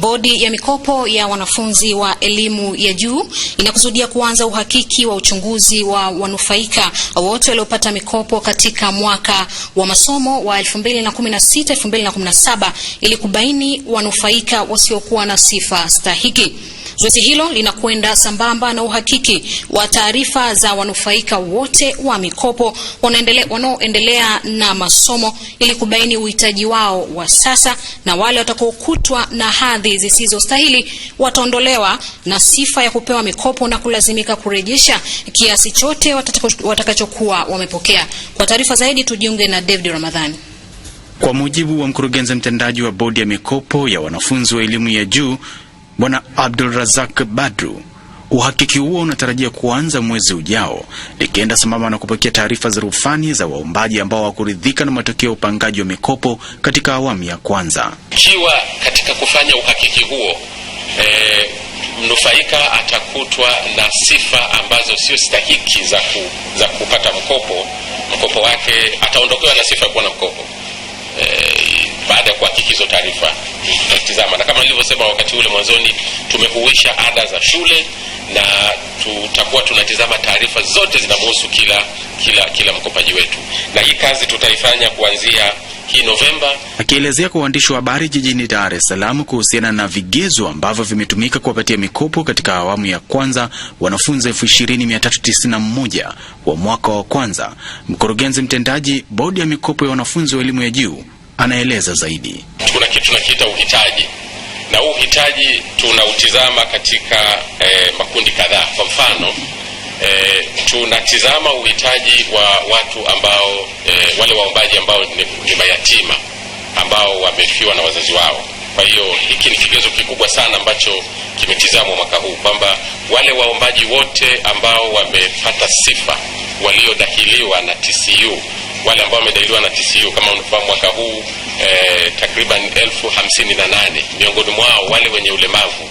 Bodi ya mikopo ya wanafunzi wa elimu ya juu inakusudia kuanza uhakiki wa uchunguzi wa wanufaika wote waliopata mikopo katika mwaka wa masomo wa 2016 2017 ili kubaini wanufaika wasiokuwa na sifa stahiki. Zoezi hilo linakwenda sambamba na uhakiki wa taarifa za wanufaika wote wa mikopo wanaoendelea na masomo ili kubaini uhitaji wao wa sasa, na wale watakaokutwa na hadhi zisizostahili wataondolewa na sifa ya kupewa mikopo na kulazimika kurejesha kiasi chote watakachokuwa wamepokea. Kwa taarifa zaidi tujiunge na David Ramadhani. Kwa mujibu wa mkurugenzi mtendaji wa bodi ya mikopo ya wanafunzi wa elimu ya juu Bwana Abdul Razak Badru. Uhakiki huo unatarajia kuanza mwezi ujao, likienda sambamba na kupokea taarifa za rufani za waombaji ambao hawakuridhika na matokeo ya upangaji wa mikopo katika awamu ya kwanza. Ikiwa katika kufanya uhakiki huo e, mnufaika atakutwa na sifa ambazo sio stahiki za, ku, za kupata mkopo, mkopo wake ataondokewa na sifa ya kuwa na mkopo hizo taarifa tutatizama, na kama nilivyosema wakati ule mwanzoni, tumehuisha ada za shule na tutakuwa tunatizama taarifa zote zinamhusu kila kila kila mkopaji wetu, na hii kazi tutaifanya kuanzia hii Novemba. Akielezea kwa uandishi wa habari jijini Dar es Salaam kuhusiana na vigezo ambavyo vimetumika kuwapatia mikopo katika awamu ya kwanza wanafunzi elfu ishirini mia tatu tisini na mmoja wa mwaka wa kwanza, mkurugenzi mtendaji bodi ya mikopo ya wanafunzi wa elimu ya juu anaeleza zaidi. Tuna kitu tunakiita uhitaji na huu uhitaji tunautizama katika eh, makundi kadhaa. Kwa mfano eh, tunatizama uhitaji wa watu ambao eh, wale waombaji ambao ni mayatima ambao wamefiwa na wazazi wao. Kwa hiyo hiki ni kigezo kikubwa sana ambacho kimetizamwa mwaka huu kwamba wale waombaji wote ambao wamepata sifa waliodahiliwa na TCU wale ambao wamedailiwa na TCU. Kama unafahamu mwaka huu eh, takriban elfu hamsini na nane miongoni mwao wale wenye ulemavu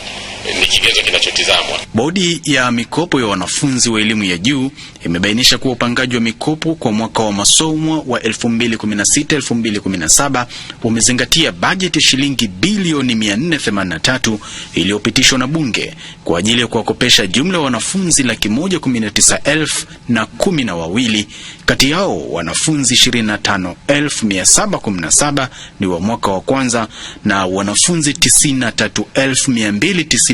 ni kigezo kinachotizamwa. Bodi ya mikopo ya wanafunzi wa elimu ya juu imebainisha kuwa upangaji wa mikopo kwa mwaka wa masomo wa 2016-2017 umezingatia bajeti shilingi bilioni 483 iliyopitishwa na Bunge kwa ajili ya kuwakopesha jumla ya wanafunzi laki moja kumi na tisa elfu na kumi na wawili. Kati yao wanafunzi 25,717 ni wa mwaka wa kwanza na wanafunzi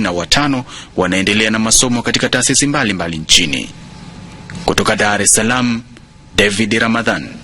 na watano wanaendelea na masomo katika taasisi mbalimbali nchini. Kutoka Dar es Salaam, David Ramadhan.